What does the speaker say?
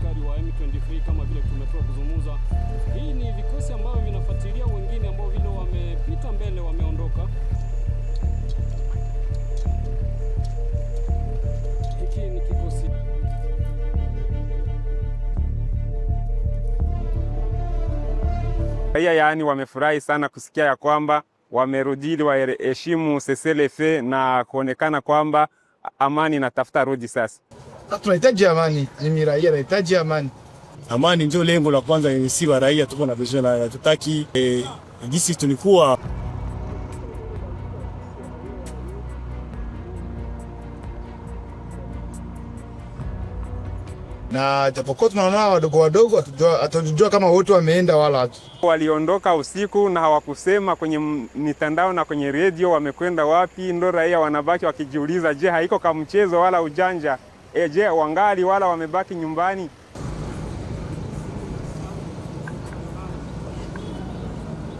askari wa M23 kama vile tumetoka kuzungumza. Hii ni vikosi ambavyo vinafuatilia wengine ambao vile wamepita mbele wameondoka. Hiki ni kikosi haya, yaani wamefurahi sana kusikia ya kwamba wamerudili waheshimu seselefe na kuonekana kwamba amani inatafuta rudi sasa tunahitaji amani, mimi raia nahitaji amani. Amani ndio lengo la kwanza, si wa raia tuko na vision na tutaki eh, jinsi tulikuwa na japokuwa tunaona wadogo wadogo, hatujua kama wote wameenda wala Waliondoka usiku na hawakusema kwenye mitandao na kwenye redio wamekwenda wapi, ndo raia wanabaki wakijiuliza, je, haiko kama mchezo wala ujanja? E, je, wangali wala wamebaki nyumbani?